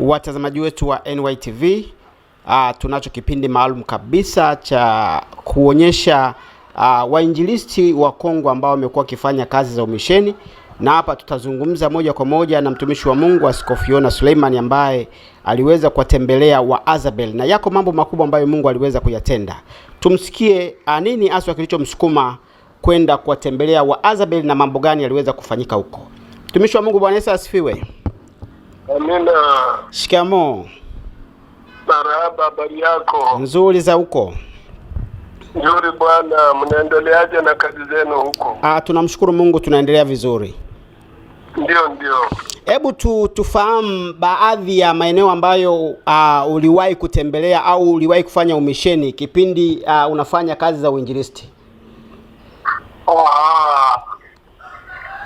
watazamaji wetu wa NYTV uh, ah, tunacho kipindi maalum kabisa cha kuonyesha uh, wainjilisti wa Kongo ambao wamekuwa wakifanya kazi za umisheni, na hapa tutazungumza moja kwa moja na mtumishi wa Mungu Askofu Yona Suleiman ambaye aliweza kuwatembelea wa Azabel, na yako mambo makubwa ambayo Mungu aliweza kuyatenda. Tumsikie ah, nini aswa kilichomsukuma kwenda kuwatembelea wa Azabel na mambo gani yaliweza kufanyika huko. Mtumishi wa Mungu, Bwana Yesu asifiwe. Amina. Shikamoo. Marahaba, habari yako? Nzuri za huko? Nzuri bwana, mnaendeleaje na kazi zenu huko? Ah, tunamshukuru Mungu tunaendelea vizuri. Ndio, ndio. Hebu tu tufahamu baadhi ya maeneo ambayo uh, uliwahi kutembelea au uliwahi kufanya umisheni kipindi uh, unafanya kazi za uinjilisti. Oha.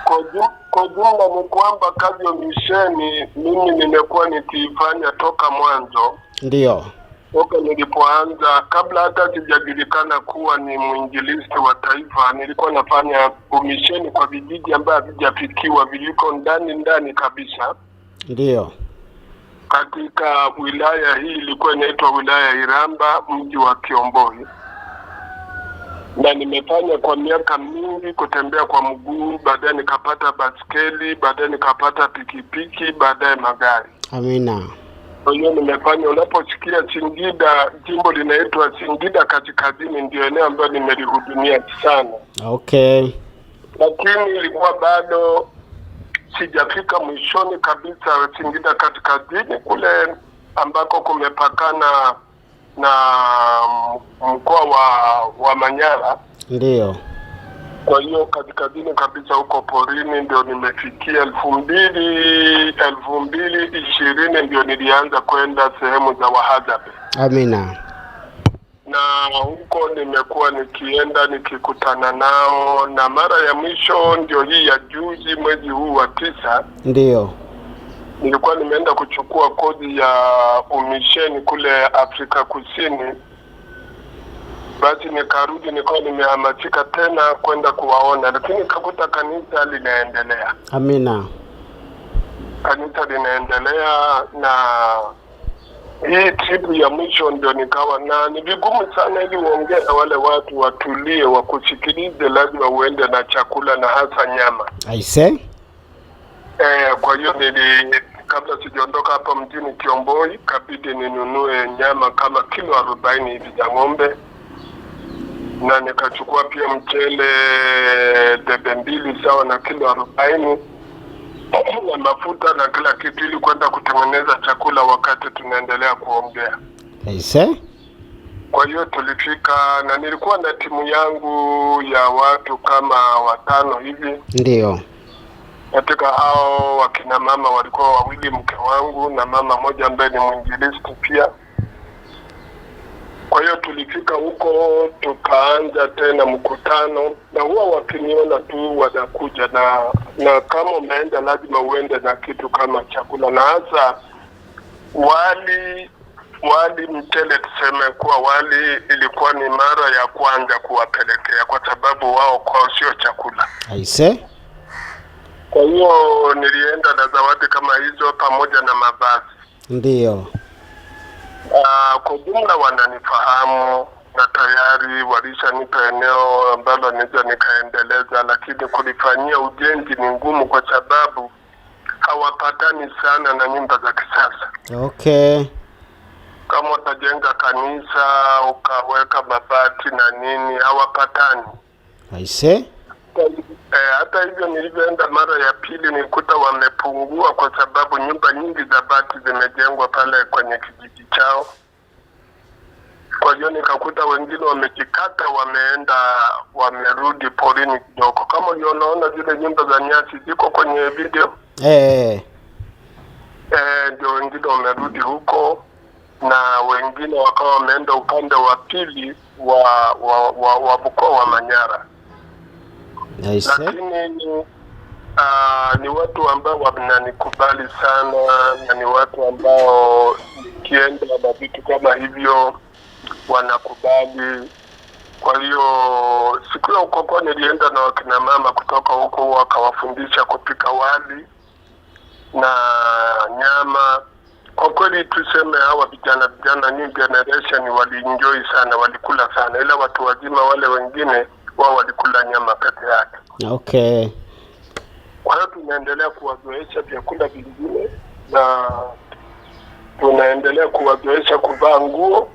Kwa kwa jumla ni kwamba kazi ya misheni mimi nimekuwa nikiifanya toka mwanzo, ndio toka nilipoanza, kabla hata sijajulikana kuwa ni mwinjilisti wa taifa. Nilikuwa nafanya umisheni kwa vijiji ambayo havijafikiwa, viliko ndani ndani kabisa, ndiyo katika wilaya hii ilikuwa inaitwa wilaya ya Iramba, mji wa Kiomboi na nimefanya kwa miaka mingi kutembea kwa mguu, baadaye nikapata baskeli, baadaye nikapata pikipiki, baadaye magari. Amina. Kwa hiyo nimefanya, unaposikia Singida, jimbo linaitwa Singida Kaskazini, ndio eneo ambayo nimelihudumia sana. Okay, lakini ilikuwa bado sijafika mwishoni kabisa Singida Kaskazini kule ambako kumepakana na mkoa wa wa Manyara. ndio Kwa hiyo kaskazini kabisa huko porini ndio nimefikia elfu mbili elfu mbili ishirini ndio nilianza kwenda sehemu za wahadhabe. Amina. Na huko nimekuwa nikienda nikikutana nao, na mara ya mwisho ndio hii ya juzi, mwezi huu wa tisa. ndio nilikuwa nimeenda kuchukua kodi ya umisheni kule Afrika Kusini, basi nikarudi, nikawa nimehamatika tena kwenda kuwaona, lakini kakuta kanisa linaendelea. Amina, kanisa linaendelea na hii tripu ya mwisho ndio nikawa na ni vigumu sana, ili uongee na wale watu watulie, wakusikilize, lazima uende na chakula na hasa nyama. I say eh, kwa hiyo nili kabla sijaondoka hapa mjini Kiomboi, kabidi ninunue nyama kama kilo arobaini hivi za ng'ombe, na nikachukua pia mchele debe mbili sawa na kilo arobaini na mafuta na kila kitu, ili kwenda kutengeneza chakula wakati tunaendelea kuongea. Kwa hiyo tulifika, na nilikuwa na timu yangu ya watu kama watano hivi, ndio katika hao wakina mama walikuwa wawili, mke wangu na mama moja ambaye ni mwinjilisti pia. Kwa hiyo tulifika huko tukaanza tena mkutano, na huwa wakiniona tu wanakuja, na na kama umeenda lazima uende na kitu kama chakula, na hasa wali wali mtele, tuseme kuwa wali ilikuwa ni mara ya kwanza kuwapelekea, kwa sababu wao kwao sio chakula. Aise. Kwa hiyo nilienda na zawadi kama hizo pamoja na mavazi. Ndiyo. Uh, ah, kwa jumla wananifahamu na tayari walishanipa eneo ambalo nilizo nikaendeleza, lakini kulifanyia ujenzi ni ngumu kwa sababu hawapatani sana na nyumba za kisasa. Okay. Kama utajenga kanisa ukaweka mabati na nini, hawapatani. I see. Eh, hata hivyo nilivyoenda mara ya pili nikuta wamepungua, kwa sababu nyumba nyingi za bati zimejengwa pale kwenye kijiji chao. Kwa hiyo nikakuta wengine wamejikata, wameenda wamerudi porini kidogo, kama ulionaona zile nyumba za nyasi ziko kwenye video eh eh, eh, eh, ndio wengine wamerudi huko na wengine wakawa wameenda upande wa pili wa wa, wa, wa wa Manyara lakini uh, ni watu ambao wananikubali sana na ni watu ambao nikienda na vitu kama hivyo wanakubali. Kwa hiyo siku ya ukoko nilienda na wakina mama kutoka huko, wakawafundisha kupika wali na nyama. Kwa kweli tuseme, hawa vijana vijana, new generation, walienjoy sana, walikula sana, ila watu wazima wale wengine wao walikula nyama Okay. Kwa hiyo tunaendelea kuwazoesha vyakula vingine na tunaendelea kuwazoesha kuvaa nguo,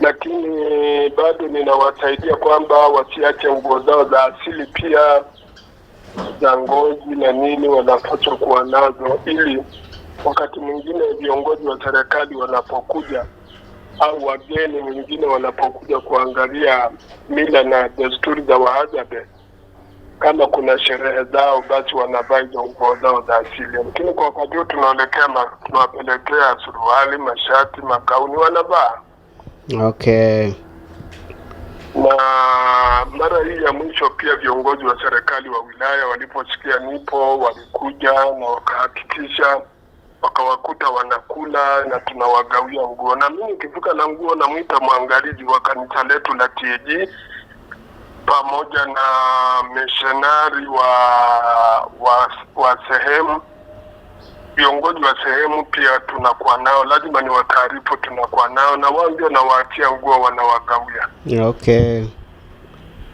lakini bado ninawasaidia kwamba wasiache nguo zao za asili pia za ngozi na nini wanapaswa kuwa nazo, ili wakati mwingine viongozi wa serikali wanapokuja au wageni wengine wanapokuja kuangalia mila na desturi za Wahadzabe kama kuna sherehe zao basi wanavaa hizo nguo zao za asili, lakini kwa wakati huu tunaelekea tunawapelekea suruali, mashati, magauni wanavaa. Okay. Na mara hii ya mwisho pia viongozi wa serikali wa wilaya waliposikia nipo, walikuja na wakahakikisha wakawakuta wanakula na tunawagawia nguo, na mimi nikifika na nguo namwita mwangalizi wa kanisa letu la TAG pamoja na mishonari wa, wa, wa sehemu viongozi wa sehemu pia tunakuwa nao, lazima ni wataarifu, tunakuwa nao na wao ndio nawaachia nguo wanawagawia. Okay,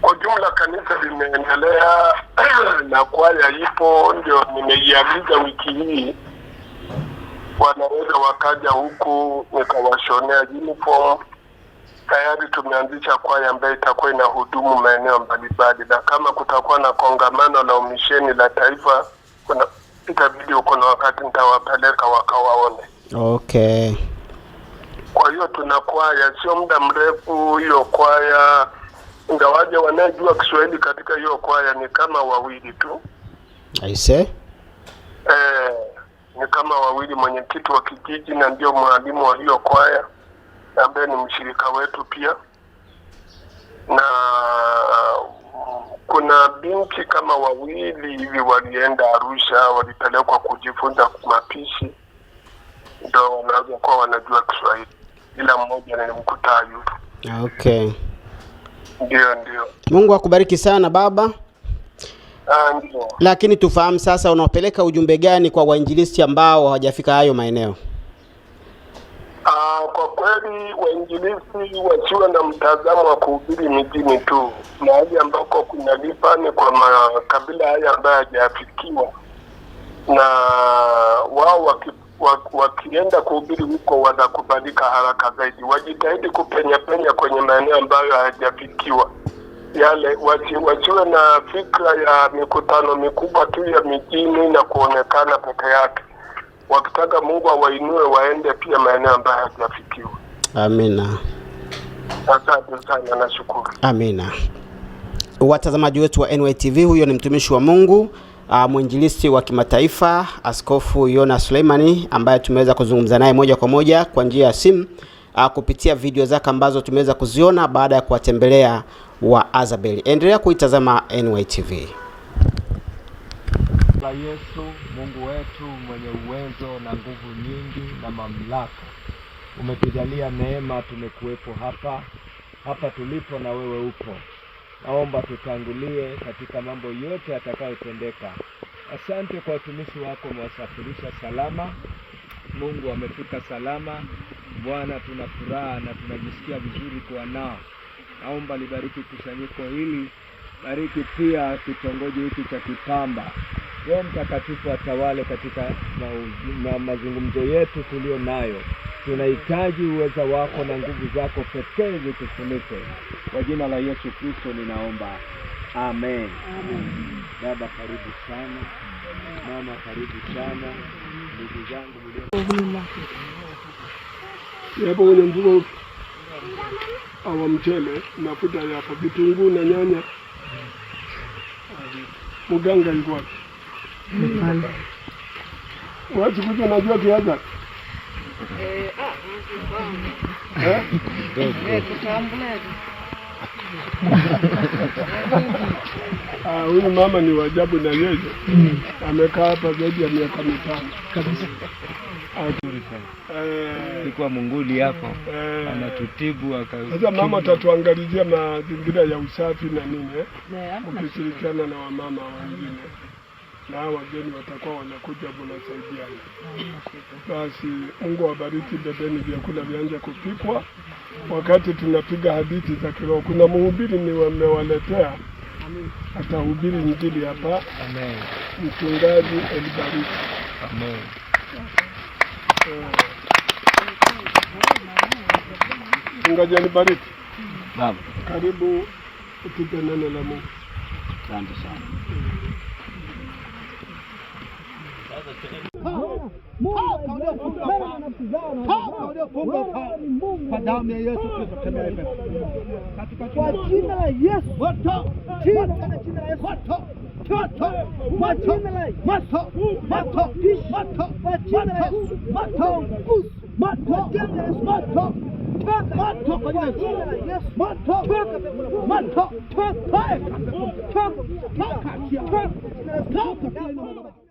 kwa jumla kanisa limeendelea na kwaya ipo, ndio nimeiagiza wiki hii wanaweza wakaja huku nikawashonea uniform tayari tumeanzisha kwaya ambayo itakuwa inahudumu maeneo mbalimbali, na kama kutakuwa na kongamano la umisheni la taifa, kuna itabidi huko na wakati nitawapeleka wakawaone. Okay, kwa hiyo tuna kwaya, sio muda mrefu hiyo kwaya, ingawaje wanayejua Kiswahili katika hiyo kwaya ni kama wawili tu. see. eh, ni kama wawili, mwenyekiti wa kijiji na ndio mwalimu wa hiyo kwaya ambaye ni mshirika wetu pia, na kuna binti kama wawili hivi walienda Arusha, walipelekwa kujifunza mapishi, ndo wanaweza kuwa wanajua Kiswahili, ila mmoja nilimkuta Ayubu. Okay, ndio ndio. Mungu akubariki sana baba. Andio. Ah, Lakini tufahamu sasa, unawapeleka ujumbe gani kwa wainjilisti ambao hawajafika hayo maeneo? Uh, kwa kweli waingilisi wasiwe na mtazamo wa kuhubiri mijini tu, mahali ambako lipa ni kwa makabila haya ambayo hayajafikiwa, na wao waki, waki, wakienda kuhubiri huko wanakubalika haraka zaidi. Wajitahidi kupenya penya kwenye maeneo ambayo hayajafikiwa yale, wasi, wasiwe na fikra ya mikutano mikubwa tu ya mijini na kuonekana peke yake wakitaka Mungu awainue waende pia maeneo ambayo hayajafikiwa. Amina. Asante sana, nashukuru. Amina. Watazamaji wetu wa NYTV, huyo ni mtumishi wa Mungu Uh, mwinjilisti wa kimataifa Askofu Yona Suleimani ambaye tumeweza kuzungumza naye moja kwa moja kwa njia ya simu uh, kupitia video zake ambazo tumeweza kuziona baada ya kuwatembelea wa Azabeli. Endelea kuitazama NYTV. Yesu Mungu wetu mwenye uwezo na nguvu nyingi na mamlaka, umetujalia neema, tumekuwepo hapa hapa tulipo, na wewe upo. Naomba tutangulie katika mambo yote yatakayotendeka. Asante kwa watumishi wako, umewasafirisha salama. Mungu amefika salama. Bwana, tuna furaha na tunajisikia vizuri kuwa nao. Naomba libariki kusanyiko hili, bariki pia kitongoji hiki cha Kipamba. Roho Mtakatifu atawale katika ma mazungumzo yetu tuliyo nayo. Tunahitaji uweza wako na nguvu zako pekee zitufunike. Kwa jina la Yesu Kristo ninaomba, amen, amen. Baba karibu sana, mama karibu sana, ndugu zangu yapo kwenye mfuko awa mchele, mafuta yapo, vitunguu na nyanya. Muganga alikuwa Watu najua kiaga. Eh, eh, ah, huyu mama ni wajabu na yeye. Hmm. Amekaa hapa zaidi ya miaka mitano. Kabisa. Eh. Munguli hapo anatutibu Sasa mama atatuangalizia mazingira ya usafi na nini Ukishirikiana na wamama wengine na hawa wageni watakuwa wanakuja, mnasaidiana. Basi Mungu awabariki, bebeni vyakula vianze kupikwa. Wakati tunapiga hadithi za kiroho, kuna mhubiri ni wamewaletea atahubiri Injili hapa, mchungaji Elibariki. Amen. Mchungaji Elibariki, karibu utupe neno la Mungu. Asante sana. kwa damu ya Yesu Kristo, kwa jina la Yesu, kwa jina la Yesu, kwa jina la Yesu Yesu